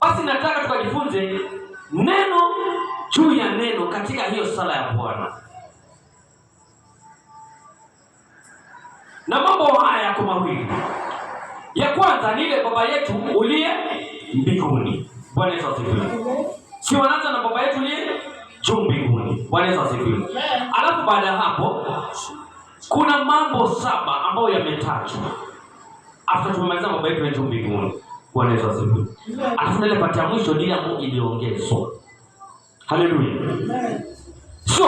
Basi nataka tukajifunze neno juu ya neno katika hiyo sala ya Bwana, na mambo haya yako mawili. Ya kwanza ni ile baba yetu uliye mbinguni. Bwana Yesu asifiwe. Si wanaanza na baba yetu uliye juu mbinguni. Bwana Yesu asifiwe. Alafu baada ya hapo kuna mambo saba ambayo yametajwa after tumemaliza baba yetu juu mbinguni. Bwana Yesu asifiwe. Alafu ile ya mwisho ni ambayo iliongezwa. Haleluya. So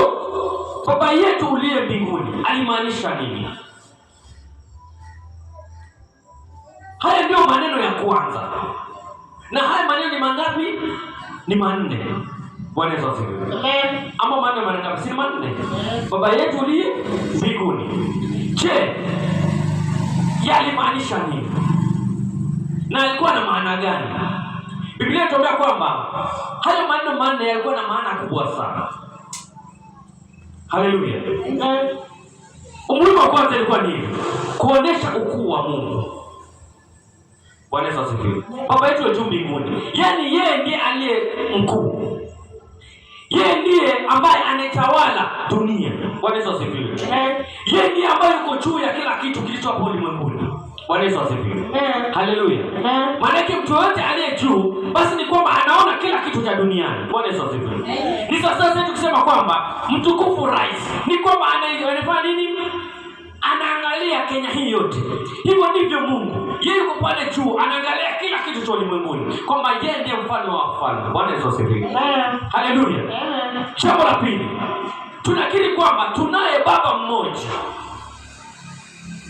baba yetu uliye mbinguni alimaanisha nini? Haya ndio maneno ya kwanza, na haya maneno ni mangapi? Ni manne. Bwana Yesu asifiwe. Ama maneno mangapi? Si manne. Baba yetu uliye mbinguni. Je, yalimaanisha nini? na alikuwa na maana gani? Biblia inatuambia kwamba hayo maneno manne yalikuwa na maana kubwa sana. Haleluya! Umuhimu wa kwanza ilikuwa nini? Kuonesha ukuu wa Mungu. Bwana Yesu asifiwe. Baba yetu wa juu mbinguni, yaani yeye ndiye aliye mkuu, yeye ndiye ambaye anatawala dunia. Bwana Yesu asifiwe. Yeye ndiye ambaye yuko juu ya kila kitu kilicho hapo ulimwenguni. Bwana Yesu asifiwe. Haleluya. Maanake mtu yoyote aliye juu basi ni kwamba anaona kila kitu cha duniani. Bwana Yesu asifiwe. Ni sasa sisi tukisema kwamba mtukufu rais ni kwamba anafanya nini? Anaangalia Kenya hii yote. Hivyo ndivyo Mungu, yeye yuko pale juu, anaangalia kila kitu cha ulimwenguni, kwamba yeye ndiye mfalme wa wafalme. Bwana Yesu asifiwe. Haleluya. Jambo la pili tunakiri kwamba tunaye baba mmoja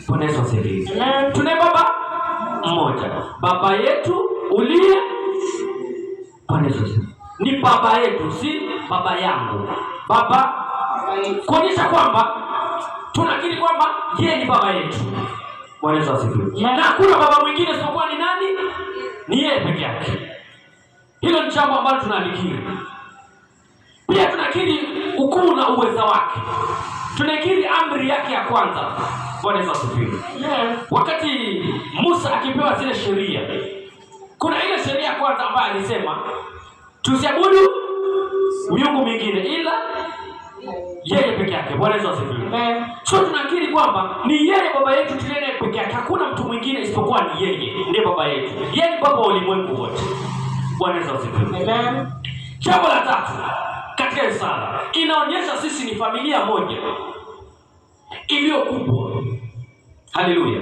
Bwana Yesu asifiwe. Tuna baba mmoja, baba yetu uliye. Bwana Yesu asifiwe. Ni baba yetu, si baba yangu, baba kuonyesha kwamba tunakiri kwamba yeye ni baba yetu. Bwana Yesu asifiwe. Na hakuna baba mwingine isipokuwa ni nani? Ni yeye peke yake. Hilo ni jambo ambalo tunalikiri. Pia tunakiri ukuu na uweza wake, tunakiri amri yake ya kwanza Bwana Yesu asifiwe. Wakati Musa akipewa zile sheria, kuna ile sheria ya kwanza ambayo alisema tusiabudu miungu mingine ila yeye peke yake. Bwana Yesu asifiwe. So tunakiri kwamba ni yeye baba yetu tuliye peke yake, hakuna mtu mwingine isipokuwa ni yeye, ndiye baba yetu. Yeye ni baba wa ulimwengu wote. Bwana Yesu asifiwe. Jambo la tatu katika sala inaonyesha sisi ni familia moja iliyokubwa. Haleluya.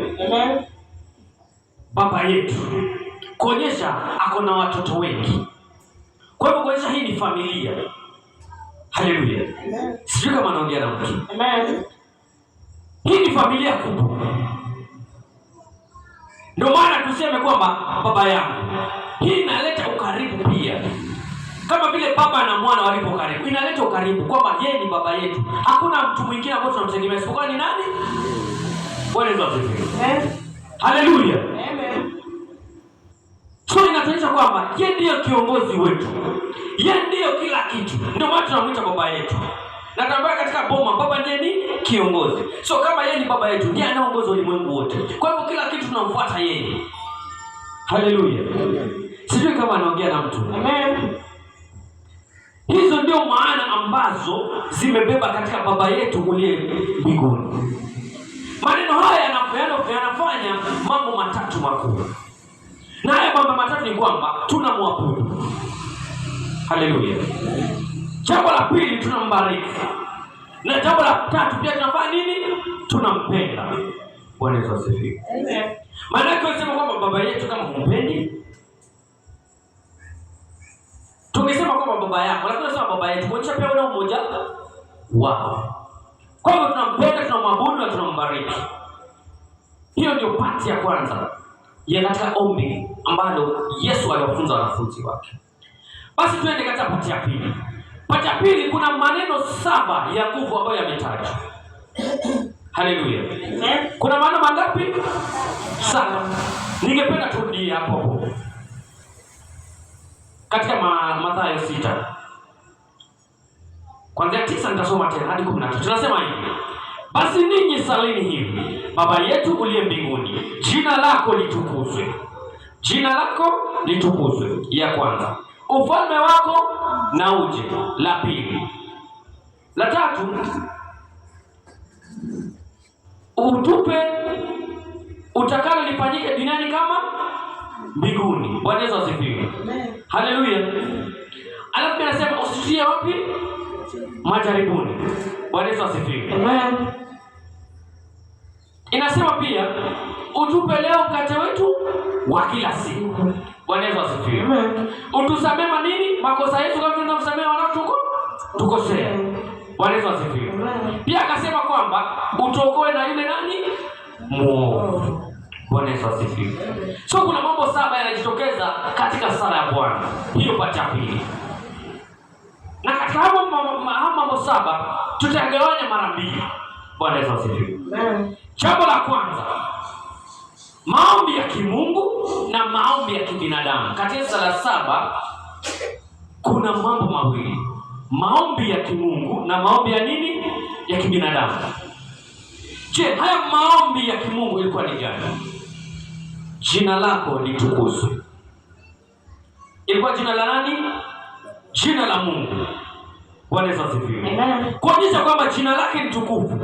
Baba yetu kuonyesha ako na watoto wengi, kwa hivyo kuonyesha hii ni familia. Haleluya. Sijui kama naongea na mtu. Amen. Hii ni familia kubwa, ndio maana tuseme kwamba baba yangu, hii inaleta ukaribu pia kama vile baba na mwana walipo karibu, inaleta ukaribu kwamba yeye ni baba yetu, hakuna mtu mwingine ambaye tunamtegemea isipokuwa ni nani? Bwana asifiwe. Eh? Haleluya. Amen. So inatuonyesha kwamba yeye ndiyo kiongozi wetu. Yeye ndiyo kila kitu. Ndio maana tunamwita baba yetu. Na tunamwambia katika boma baba ndiye ni kiongozi. So kama yeye ni baba yetu, ndiye anaongoza ulimwengu wote. Kwa hivyo kila kitu tunamfuata yeye. Haleluya. Sijui kama anaongea na mtu. Amen. Hizo ndio maana ambazo zimebeba katika baba yetu uliye mbinguni. Maneno haya yanafanya mambo matatu makubwa, na haya mambo matatu ni kwamba tunamwabudu. Haleluya! Jambo la pili, tunambariki, na jambo la tatu pia tunafanya nini? Tunampenda. Bwana Yesu asifiwe. Maana yake sema kwamba baba yetu, kama humpendi, tungesema kwamba baba yako, lakini sema baba yetu, kuonyesha pia una umoja wao kwa hivyo tunampenda, tunamwabudu na tunambariki. Hiyo ndio pati ya kwanza ya katika ombi ambalo Yesu aliwafunza wanafunzi wake. Basi tuende katika pati ya pili. Pati ya pili kuna maneno saba ya nguvu ambayo yametajwa. Haleluya! kuna maneno mangapi? Saba. Ningependa turudie hapo hapo katika Mathayo sita Kuanzia tisa nitasoma tena hadi kumi na tatu. Tunasema hivi: basi ninyi salini hivi, Baba yetu uliye mbinguni, jina lako litukuzwe, jina lako litukuzwe. Ya kwanza, ufalme wako na uje. La pili, la tatu, utupe utakalo lifanyike duniani kama mbinguni. Bwana Yesu asifiwe, haleluya. Alafu anasema usitie wapi majaribuni. Bwana Yesu asifiwe. Amen. Inasema pia utupe leo mkate wetu wa kila siku. Bwana Yesu asifiwe. Amen. Utusamee nini? makosa yetu kama tunavyosamehe wanaotuko tukosea. Bwana Yesu asifiwe. Pia akasema kwamba utuokoe na yule nani muovu. Bwana Yesu asifiwe. So kuna mambo saba yanajitokeza katika sala ya Bwana. Hiyo pati ya pili na katika hapo mambo saba tutagawanya mara mbili. Bwana Yesu asifiwe. Jambo la kwanza, maombi ya kimungu na maombi ya kibinadamu. Katika sala saba kuna mambo mawili, maombi ya kimungu na maombi ya nini, ya kibinadamu. Je, haya maombi ya kimungu ilikuwa ni gani? Jina lako litukuzwe, ilikuwa jina la nani? jina la Mungu. Bwana Yesu asifiwe. Kuonyesha kwamba jina lake ni tukufu,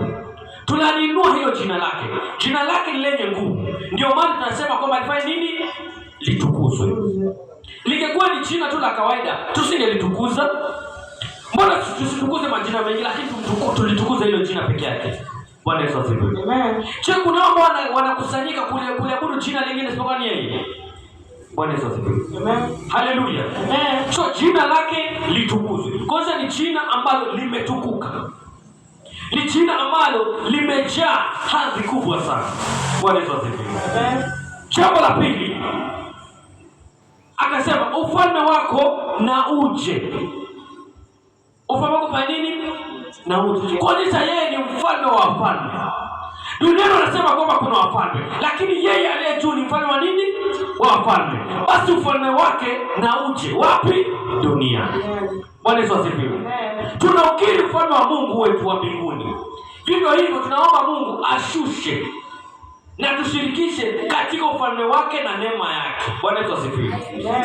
tunaliinua hilo jina lake, jina lake ni lenye nguvu. Ndio maana tunasema kwamba lifanye nini? Litukuzwe. Lingekuwa ni jina tu la kawaida, tusingelitukuza. Mbona tusitukuze majina mengi, lakini tulitukuze hilo jina peke yake. Bwana Yesu asifiwe. Je, kuna ambao wanakusanyika kule kuabudu jina lingine isipokuwa ni yeye? Bwana Yesu asifiwe. Amen. Haleluya. Amen. So jina lake litukuzwe. Kwanza ni jina ambalo limetukuka. Ni jina ambalo limejaa hadhi kubwa sana. Bwana Yesu asifiwe. Amen. Jambo la pili akasema ufalme wako na uje. Ufalme wako fanya nini? Na uje. Kwa nini yeye ni mfalme wa wafalme? Dunia anasema kwamba kuna wafalme, lakini yeye aliye juu ni mfalme wa nini? Wa wafalme. Basi ufalme wake na uje wapi? Dunia. Bwana Yesu asifiwe. Tunaukiri ufalme wa Mungu wetu wa mbinguni. Vivyo hivyo tunaomba Mungu ashushe na tushirikishe katika ufalme wake na neema yake. Bwana Yesu asifiwe.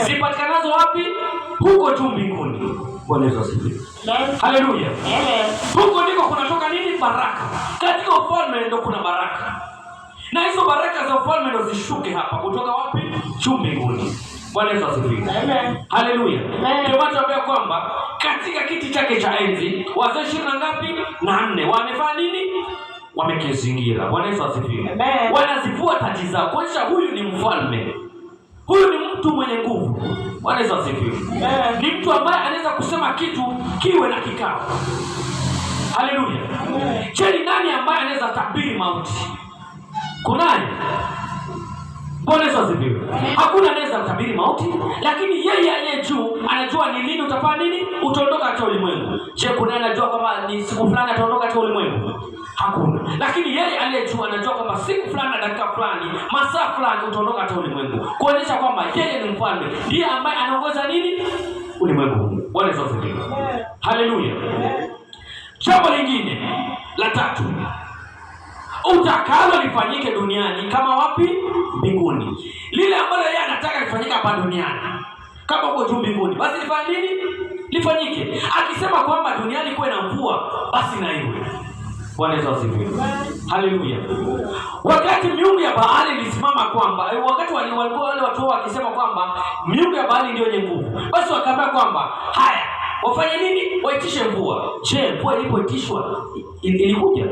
Zipatikanazo wapi? Huko tu mbinguni. Bwana Yesu asifiwe. Haleluya. Huko ndiko kunatoka nini? Baraka. Katika ufalme ndio kuna baraka, na hizo baraka za ufalme ndio zishuke hapa. Kutoka wapi? Juu mbinguni. Bwana Yesu asifiwe. Haleluya. Tunawaambia kwamba katika kiti chake cha enzi wazee ishirini na ngapi na nne wamefanya nini? Wamekizingira. Bwana Yesu asifiwe. Wanazivua taji zao kuonyesha huyu ni mfalme Huyu ni mtu mwenye nguvu. Bwana Yesu asifiwe. Ni mtu ambaye anaweza kusema kitu kiwe na kikao. Haleluya. Je, ni nani ambaye anaweza tabiri mauti? Kunani? Bwana Yesu asifiwe. Hakuna anaweza kutabiri mauti, lakini yeye aliye juu anajua ni lini utafanya nini, utaondoka katika ulimwengu. Je, kuna anajua kwamba ni siku fulani ataondoka katika ulimwengu? hakuna. Lakini yeye aliyejua anajua kwamba siku fulani na dakika fulani, masaa fulani utaondoka hata ulimwengu, kuonyesha kwamba yeye ni mfalme, ndiye ambaye anaongoza nini ulimwengu. Bwana Yesu asifiwe, haleluya. Jambo lingine la tatu utakalo lifanyike duniani kama wapi? Mbinguni. Lile ambalo yeye anataka lifanyike hapa duniani kama huko juu mbinguni, basi lifanye nini? Lifanyike. Akisema kwamba duniani kuwe na mvua, basi na iwe. Bwana Yesu asifiwe. Haleluya. Wakati miungu ya Baali ilisimama kwamba eh, wakati walikuwa wale watu wakisema kwamba miungu ya Baali ndio yenye nguvu, basi wakaambia kwamba haya wafanye nini? Waitishe mvua. Je, mvua ilipoitishwa ilikuja?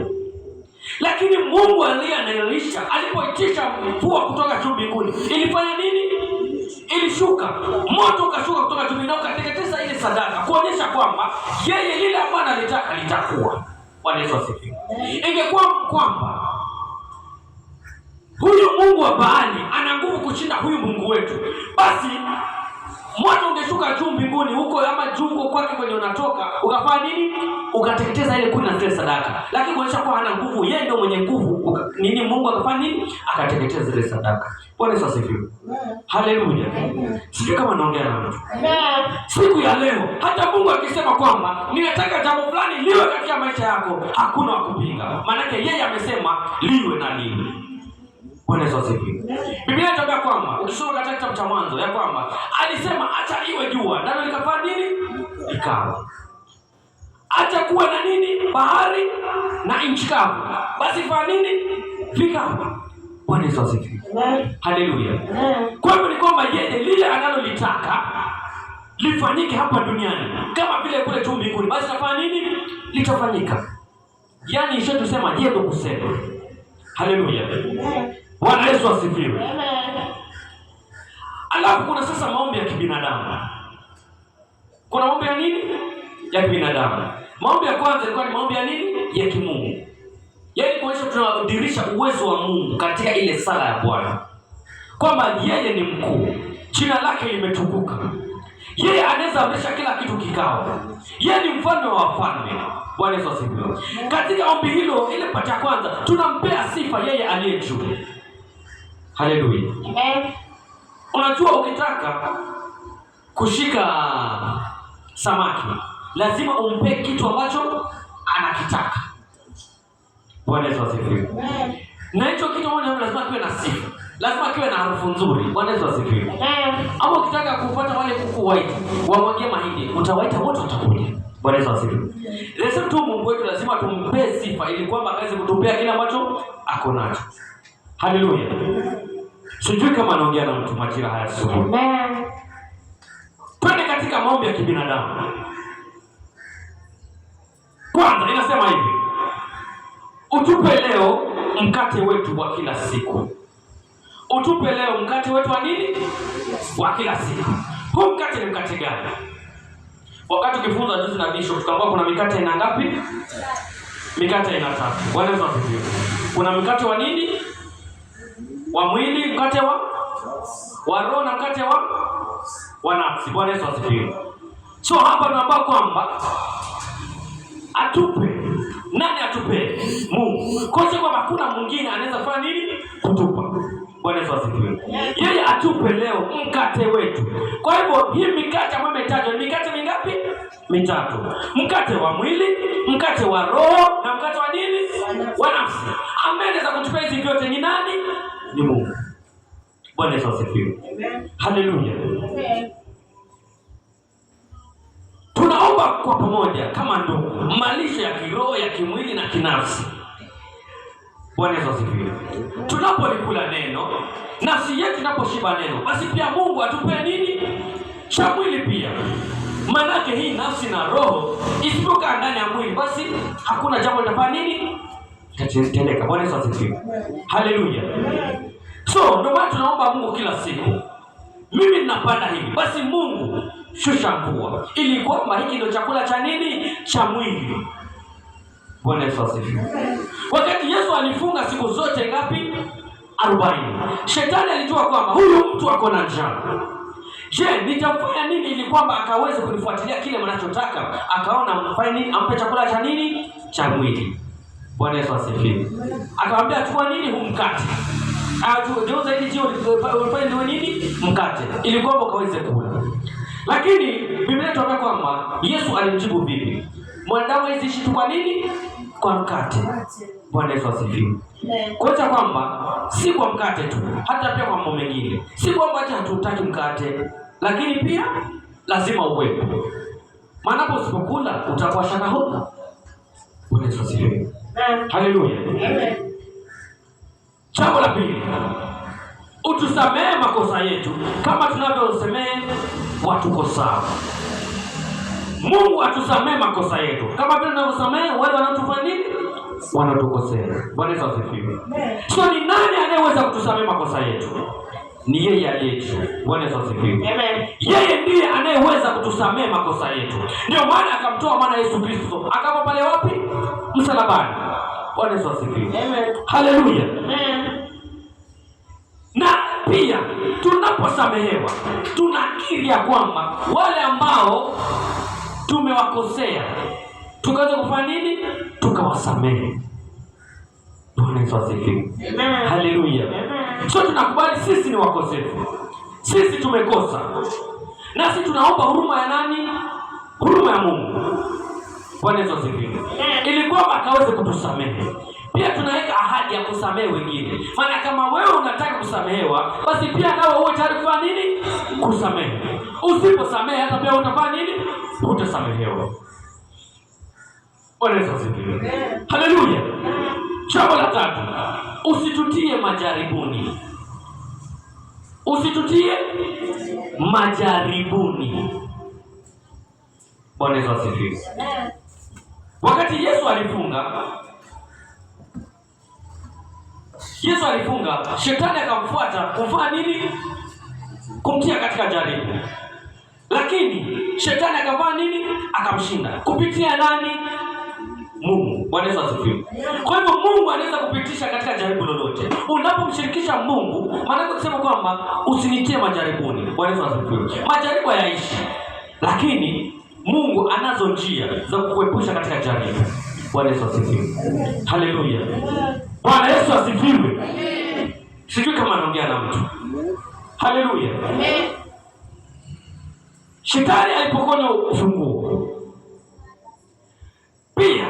Lakini Mungu aliye anayelisha alipoitisha mvua kutoka juu mbinguni ilifanya nini? Ilishuka, moto ukashuka kutoka juu na ukateketeza ile sadaka, kuonyesha kwamba yeye lile ambalo analitaka litakuwa Bwana Yesu asifiwe. Ingekuwa kwamba huyu Mungu wa Baali ana nguvu kushinda huyu Mungu wetu, basi moto ungeshuka juu mbinguni huko ama juu kwake kwenye unatoka ukafanya nini? Ukateketeza ile kuni na zile sadaka, lakini kuonyesha kuwa hana nguvu. Yeye ndio mwenye nguvu nini, Mungu akafanya nini? Akateketeza zile sadaka. Bwana Yesu asifiwe, haleluya. Sijui kama naongea na mtu siku ya leo. Hata Mungu akisema kwamba ninataka jambo fulani liwe katika peke yako hakuna wa kupinga, maanake yeye amesema liwe na liwe. Bwana Yesu asifiwe. Biblia inatuambia kwamba ukisoma katika kitabu cha Mwanzo ya kwamba alisema acha iwe jua, nalo likafanya nini? Ikawa. Acha kuwe na nini? Bahari na nchi kavu, basi fanya nini? Vikawa. Bwana Yesu asifiwe. Haleluya. Kwa hiyo ni kwamba yeye lile analolitaka lifanyike hapa duniani kama vile kule tu mbinguni, basi nafanya nini? Litafanyika. Yaani isho tusema je, ndo kusema. Haleluya, Bwana Yesu asifiwe. Alafu kuna sasa maombi ya kibinadamu. Kuna maombi ya nini? Ya kibinadamu. Maombi ya kwanza ilikuwa ni maombi ya nini? Ya kimungu, yaani kuonyesha tunadirisha uwezo wa Mungu katika ile sala ya Bwana kwamba yeye ni mkuu, jina lake limetukuka yeye anaweza amesha kila kitu kikao. Yeye ni mfalme wa wafalme. Bwana Yesu asifiwe. Katika ombi hilo, ile pata kwanza, tunampea sifa yeye aliye juu. Haleluya. Amen. Unajua, ukitaka kushika samaki lazima umpe kitu ambacho anakitaka. Bwana Yesu asifiwe. Na hicho kitu lazima kiwe na sifa lazima kiwe na harufu nzuri. Bwana Yesu asifiwe. Ama ukitaka kufuata wale kuku white wamwagie mahindi, utawaita wote watakuja. Bwana Yesu asifiwe. Lazima tu Mungu wetu lazima tumpe sifa ili kwamba aweze kutupea kile ambacho ako nacho. Haleluya. Sijui kama naongea na mtu majira haya sio. Amen. Twende katika maombi ya kibinadamu. Kwanza inasema hivi, utupe leo mkate wetu wa kila siku utupe leo mkate wetu wa nini wa kila siku. Huu mkate ni mkate gani? Wakati ukifunza juzi na bisho, tukaambiwa kuna mikate ina ngapi? Mikate ina tatu. Bwana Yesu asifiwe. Kuna mkate wa nini? Wa mwili, mkate wa wa roho na mkate wa wa nafsi. Bwana Yesu asifiwe. So hapa tunaambiwa kwamba atupe nani? Atupe Mungu. Kwa sababu hakuna mwingine anaweza fanya nini? Kutupa Bwana Yesu asifiwe. Yeye atupe leo mkate wetu. Kwa hivyo hii mikate ambayo imetajwa, mikate mingapi? Mitatu. Mkate wa mwili, mkate wa roho na mkate wa nini? Wa nafsi. Ambaye anaweza kutupea hizi vyote ni nani? Ni Mungu. Bwana Yesu asifiwe. Haleluya. Tunaomba kwa pamoja kama ndugu, malisho ya kiroho, ya kimwili na kinafsi. Bwana Yesu asifiwe. Tunapolikula neno, si yetu tunaposhiba neno, basi pia Mungu atupe nini? Cha mwili pia. Maanake hii nafsi na roho isipokaa ndani ya mwili, basi hakuna jambo litafanya nini? Litatendeka. Bwana Yesu asifiwe. Haleluya. So ndio maana tunaomba Mungu kila siku, mimi ninapanda hivi, basi Mungu shusha mvua, ili kwamba hiki ndio chakula cha nini? Cha mwili. Bwana Yesu asifiwe alifunga siku zote ngapi? Arobaini. Shetani alijua kwamba huyu mtu ako na njaa. Je, nitafanya nini ili kwamba akaweze kunifuatilia kile mnachotaka, akaona mfanye nini, ampe chakula cha nini, cha mwili. Bwana Yesu asifiwe. Akamwambia chukua nini, humkate Ajeuza ah, hili jiwe ulifanya ndio nini? Mkate, ili kwamba ukaweze kula. Lakini Biblia inatuambia kwamba Yesu alimjibu vipi? Mwanadamu hawezi ishi tu kwa nini? kwa mkate. Bwana Yesu asifiwe. Kuacha kwamba si kwa mkate tu, hata pia kwa mambo mengine, si kwamba acha hatutaki mkate, lakini pia lazima uwepo, maana usipokula utakuwa shaka hoka. Bwana Yesu asifiwe. Haleluya. Jambo la pili, utusamehe makosa yetu kama tunavyosamehe watu Mungu atusamee makosa yetu kama vile tunavyosamehe wale wanaotufanya nini, wanatukosea. Bwana Yesu asifiwe. So ni nani anayeweza kutusamee makosa yetu? Ni yeye aliyejuu. Bwana Yesu asifiwe. Amen. Yeye ndiye anayeweza kutusamee makosa yetu, ndio maana akamtoa mwana Yesu Kristo akapa pale wapi? Msalabani. Bwana Yesu asifiwe. Amen. Haleluya. Amen. Na pia tunaposamehewa tunakiri ya kwamba wale ambao tumewakosea, tukaweza kufanya nini? Tukawasamehe. Bwana Yesu asifiwe, haleluya. So tunakubali sisi ni wakosefu, sisi tumekosa, nasi tunaomba huruma ya nani? Huruma ya Mungu. Bwana Yesu asifiwe, ili kwamba akaweze kutusamehe. Pia tunaweka ahadi ya kusamehe wengine, maana kama wewe unataka kusamehewa, basi pia nawe uwe tayari kufanya nini? Kusamehe. Usiposamehe hata pia utafanya nini? hutasamehewa. Haleluya! Jambo la tatu, usitutie majaribuni, usitutie majaribuni. Bwana Yesu asifiwe. Wakati Yesu alifunga, Yesu alifunga, shetani akamfuata kumfanya nini? Kumtia katika jaribu lakini shetani akafanya nini? Akamshinda kupitia nani? Mungu. Bwana Yesu asifiwe. Kwa hivyo Mungu anaweza kupitisha katika jaribu lolote unapomshirikisha Mungu, yake kusema kwamba usinitie majaribuni. Bwana Yesu asifiwe. Majaribu hayaishi, lakini Mungu anazo njia za kukuepusha katika jaribu. Bwana Yesu asifiwe. Haleluya. Bwana Yesu asifiwe. Sijui kama anaongea na mtu. Haleluya. Shetani alipokonya ufunguo. Pia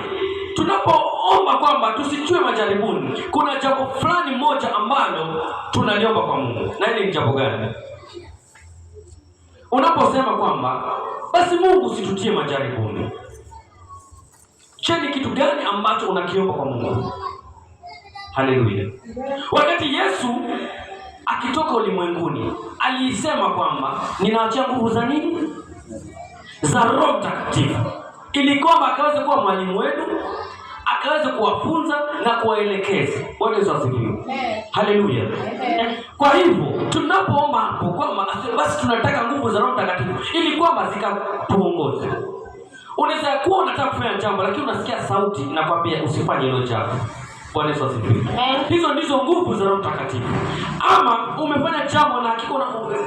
tunapoomba kwamba tusichue majaribuni, kuna jambo fulani moja ambalo tunaliomba kwa Mungu. Na ile ni jambo gani? Unaposema kwamba basi Mungu usitutie majaribuni, je, ni kitu gani ambacho unakiomba kwa Mungu? Haleluya! wakati Yesu akitoka ulimwenguni aliisema kwamba ninaachia nguvu za nini, za Roho Mtakatifu, ili kwamba akaweze kuwa mwalimu wenu, akaweze kuwafunza na kuwaelekeza. Wanezazikiu, haleluya! Kwa hivyo tunapoomba hapo kwamba basi tunataka nguvu za Roho Mtakatifu ili kwamba zikatuongoze. Unaweza kuwa unataka kufanya jambo, lakini unasikia sauti inakwambia usifanye hilo jambo. Bwana Yesu asifiwe. Hizo ndizo nguvu za Roho Mtakatifu. Ama umefanya jambo na hakika una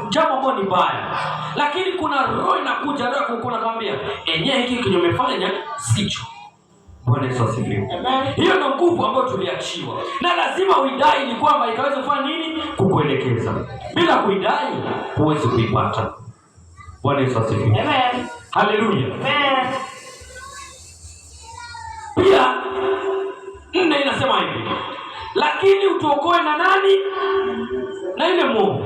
jambo ambalo ni baya, lakini kuna roho inakuja leo kukuna kwambia enyewe hiki kinyo umefanya sicho. Bwana Yesu asifiwe. Hiyo ndio nguvu ambayo tuliachiwa na lazima uidai, ni kwamba ikaweza kufanya nini? Kukuelekeza. Bila kuidai huwezi kuipata. Bwana Yesu asifiwe. Amen. Haleluya. Amen. lakini utuokoe na nani? Na yule mwovu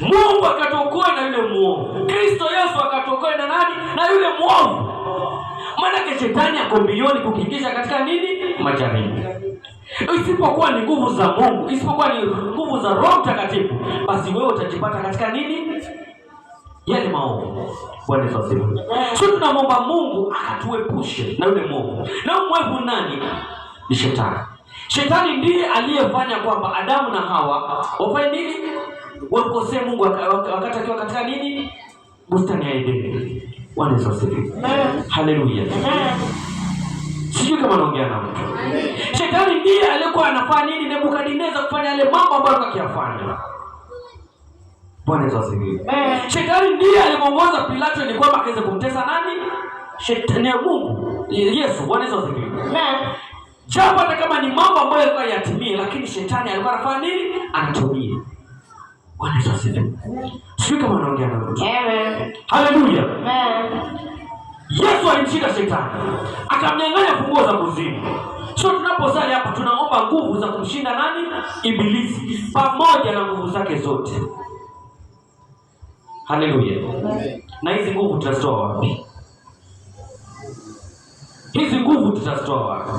Mungu akatuokoe na yule mwovu Kristo Yesu akatuokoe na nani? Na yule mwovu Maanake shetani ako mbioni kukikisha katika nini? Majaribu. Isipokuwa ni nguvu za Mungu, isipokuwa ni nguvu za Roho Mtakatifu, basi wewe utajipata katika nini? Yale maovu. Bwana Yesu asifiwe. Sisi tunamwomba Mungu akatuepushe na yule mwovu. Na mwovu nani? Ni shetani. Shetani ndiye aliyefanya kwamba Adamu na Hawa wafanye nini? Wamkosee Mungu wakati wakatakiwa katika nini? Bustani ya Edeni. Bwana Yesu asifiwe. Haleluya. Sijui kama naongea na mtu. Shetani ndiye alikuwa anafanya nini Nebukadineza kufanya yale mambo ambayo akiyafanya. Bwana Yesu asifiwe. Shetani ndiye alimwongoza Pilato ni kwamba akaweze kumtesa nani? Shetani ya Mungu. Yesu, Bwana Yesu asifiwe japo hata kama ni mambo ambayo alikuwa yatimie, lakini shetani alikuwa anafanya nini? Anatumia. Bwana Yesu asifiwe. Sio kama anaongea na mtu. Amen. Haleluya. Amen. Yesu alimshika shetani akamnyang'anya funguo za kuzimu. Sio tunaposali hapa tunaomba nguvu za kumshinda nani? Ibilisi pamoja na nguvu zake zote. Haleluya. Na hizi nguvu tutazitoa wapi? Hizi nguvu tutazitoa wapi?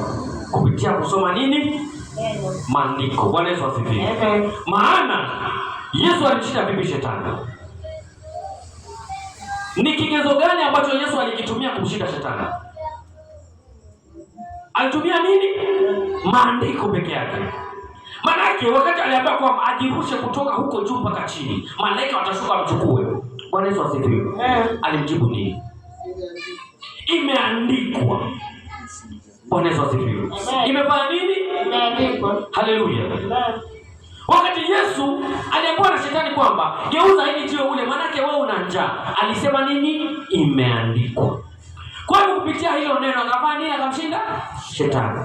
kupitia kusoma nini? Maandiko. Bwana Yesu asifiwe. Maana Yesu alishinda vipi shetani? Ni kigezo gani ambacho Yesu alikitumia kumshinda shetani? Alitumia nini? Maandiko peke yake. Manake wakati aliambia kwa ajirushe kutoka huko juu mpaka chini, malaika watashuka wamchukue. Bwana Yesu asifiwe. Alimjibu nini? Imeandikwa. Bwana Yesu asifiwe. Imefanya nini? Haleluya. Wakati Yesu aliambiwa na shetani kwamba geuza hili jiwe ule, manake wewe una njaa, alisema nini? Imeandikwa. Kwa hiyo kupitia hilo neno akafanya nini? Akamshinda shetani.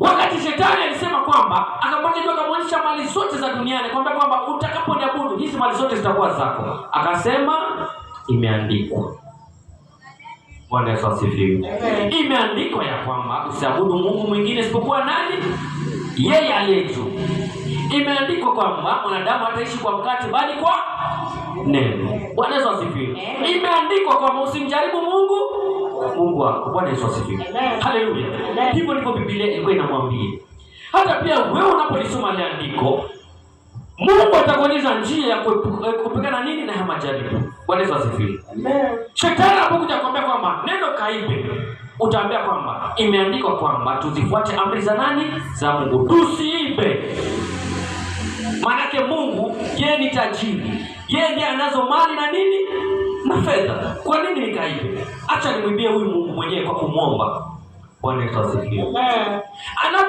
Wakati shetani alisema kwamba akamwambia, juu, akamwonyesha mali zote za duniani, kwambia kwamba utakaponiabudu hizi mali zote zitakuwa zako, akasema imeandikwa. Bwana Yesu asifiwe. Imeandikwa ya kwamba usiabudu Mungu mwingine isipokuwa nani? Yeye aliye juu. Imeandikwa kwamba mwanadamu ataishi kwa mkate bali kwa neno. Bwana Yesu asifiwe. Imeandikwa kwamba usimjaribu Mungu Mungu wako. Bwana Yesu asifiwe. Haleluya. Hivyo ndivyo Biblia ilikuwa inamwambia. Hata pia wewe unapolisoma andiko Mungu atakuonyesha njia ya kupigana nini na majaribu. Bwana Yesu asifiwe. Amen. Shetani anapokuja kukuambia kwamba neno kaibe, utaambia kwamba imeandikwa kwamba tuzifuate amri za nani? Za Mungu. Tusiibe. Maanake Mungu yeye ni tajiri. Yeye ndiye anazo mali na nini? Na fedha. Kwa nini nikaibe? Acha nimwibie huyu Mungu mwenyewe kwa kumwomba. Bwana Yesu asifiwe. Amen.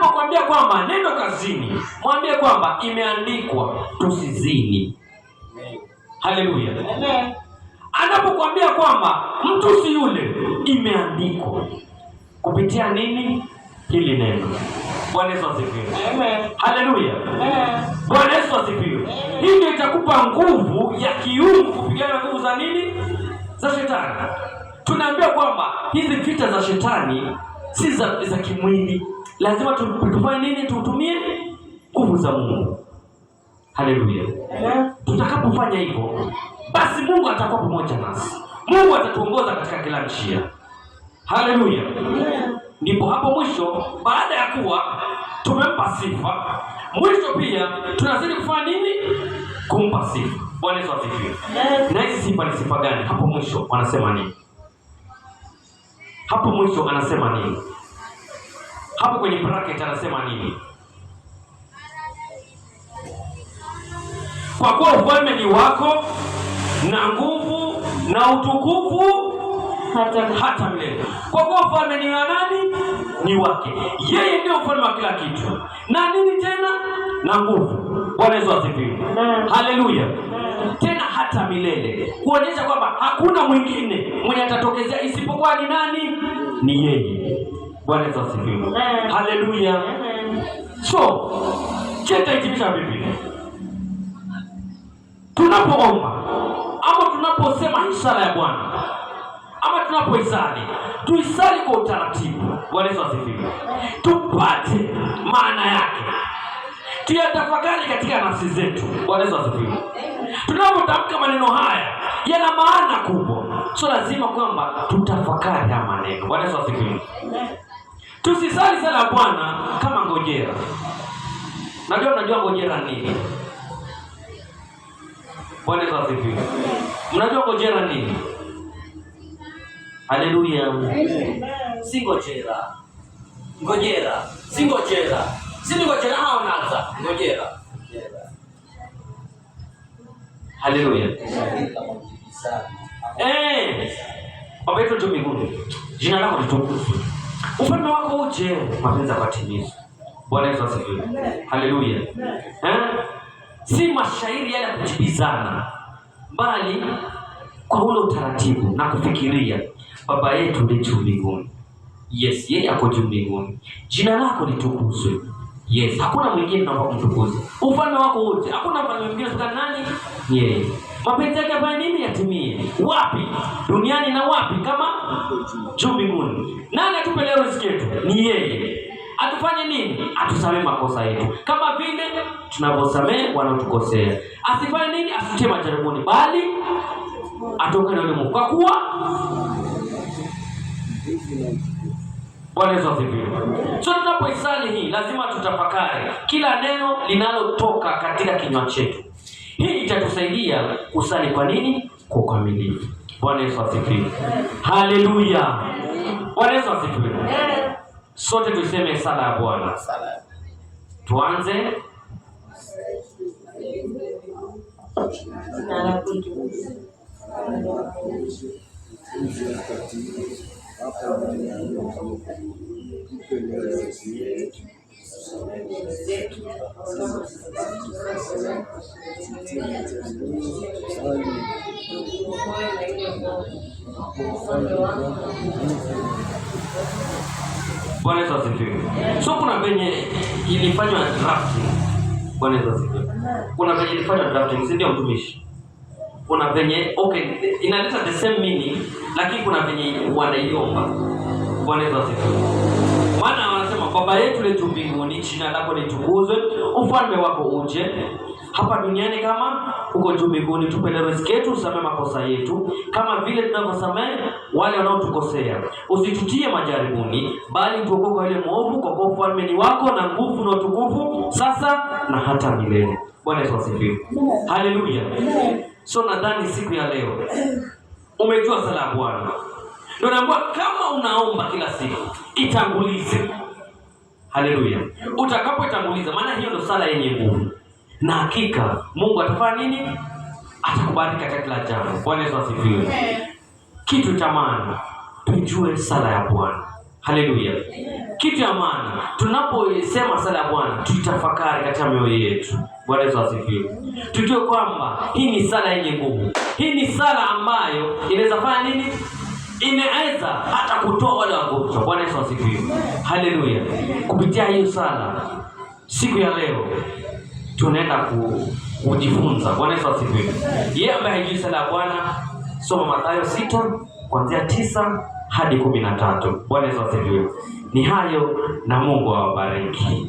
Anataka kuambia kwamba neno kazini, mwambie kwamba imeandikwa tusizini. Haleluya! Anapokuambia kwamba mtu si yule, imeandikwa kupitia nini? Hili neno. Bwana Yesu asifiwe. Amen. Haleluya. Bwana Yesu asifiwe. Hii ndio itakupa nguvu ya kiungu kupigana nguvu za nini? Za shetani. tunaambia kwamba hizi vita za shetani si za kimwili lazima tufanye nini? Tutumie nguvu za Mungu. Haleluya! Tutakapofanya hivyo, basi Mungu atakuwa pamoja nasi, Mungu atatuongoza katika kila njia. Haleluya! Ndipo hapo mwisho, baada ya kuwa tumempa sifa, mwisho pia tunazidi kufanya nini? Kumpa sifa. Bwana Yesu asifiwe. Na hizi sifa ni sifa gani? Hapo mwisho wanasema nini? Hapo mwisho anasema nini? hapo kwenye bracket anasema nini? Kwa kuwa ufalme ni wako na nguvu na utukufu hata, hata milele. Kwa kuwa ufalme ni wa nani? Ni wake. Yeye ndio ufalme wa kila kitu na nini tena na nguvu. Bwana Yesu asifiwe, haleluya. Tena hata milele, kuonyesha kwamba hakuna mwingine mwenye atatokezea isipokuwa ni nani? Ni yeye. Bwana Yesu asifiwe. Haleluya. So chetaitimisha vipi tunapoomba ama tunaposema ishara ya Bwana ama tunapoisali, tuisali kwa utaratibu. Bwana Yesu asifiwe, tupate maana yake, tuyatafakari katika nafsi zetu. Bwana Yesu asifiwe. Tunapotamka maneno haya yana maana kubwa, so lazima kwamba tutafakari haya maneno. Bwana Yesu asifiwe. Tusisali sala ya Bwana kama ngojera. Najua mnajua ngojera nini? Bwana asifiwe. Mnajua ngojera nini? Haleluya. Si ngojera. Ngojera. Si ngojera. Si ngojera au naza. Ngojera. Haleluya. Eh. Baba yetu mbinguni. Jina lako litukuzwe. Ufalme wako uje, mapenzi yatimizwe. Bwana Yesu asifiwe. Haleluya. Eh? Si mashairi yale ya kujibizana, bali kwa ule utaratibu na kufikiria Baba yetu ni juu mbinguni. Yes, yeye ako juu mbinguni. Jina lako litukuzwe. Yes, hakuna mwingine tunaomba kumtukuza. Ufalme wako uje. Hakuna mwingine ila nani? Yeye. Yeah mapenzi yake afanye nini? Yatimie wapi? Duniani na wapi? Kama juu mbinguni. Nani atupe leo riziki yetu? Ni yeye. Atufanye nini? atusamee makosa yetu kama vile tunavyosamehe wanaotukosea. Asifanye nini? Asitie majaribuni, bali atoke na yule Mungu, kwa kuwa Bwana Yesu asifiwe. So tunapoisali hii lazima tutafakari kila neno linalotoka katika kinywa chetu itatusaidia kusali kwa nini kwa ukamilifu. Bwana Yesu asifiwe. Haleluya. Bwana Yesu asifiwe. Sote tuseme sala ya Bwana. Tuanze. Bwana Yesu asifiwe. So kuna venye ilifanywa drafting. Bwana Yesu asifiwe. Kuna venye ilifanywa drafting, si ndio mtumishi? Kuna venye okay, inaleta the same meaning lakini kuna venye wanaiomba. Bwana Yesu asifiwe. Baba yetu letu mbinguni, jina lako litukuzwe, ufalme wako uje hapa duniani kama huko juu mbinguni. Tupende riziki yetu, usamehe makosa yetu kama vile tunavyosamehe wale wanaotukosea, usitutie majaribuni, bali tuokoke kwa yule mwovu, kwa kuwa ufalme ni wako na nguvu na utukufu sasa na hata milele. Bwana Yesu asifiwe, haleluya. So nadhani siku ya leo umejua sala ya Bwana, ndio naambiwa kama unaomba kila siku itangulize Haleluya. Utakapoitanguliza, maana hiyo ndio sala yenye nguvu, na hakika Mungu atafanya nini? Atakubariki katika kila jambo. Bwana Yesu asifiwe. Kitu cha maana tujue sala ya Bwana. Haleluya. Kitu ya maana tunaposema sala ya Bwana tutafakari katika mioyo yetu. Bwana Yesu asifiwe. Tujue kwamba hii ni sala yenye nguvu, hii ni sala ambayo inaweza fanya nini imeweza hata kutoa wale wagonjwa. Bwana Yesu asifiwe, haleluya. Kupitia hiyo sala siku ya leo tunaenda ku, kujifunza. Bwana Yesu asifiwe. Yeye ambaye hajui sala ya Bwana, soma Mathayo sita kuanzia tisa hadi kumi na tatu. Bwana Yesu asifiwe. Ni hayo na Mungu awabariki.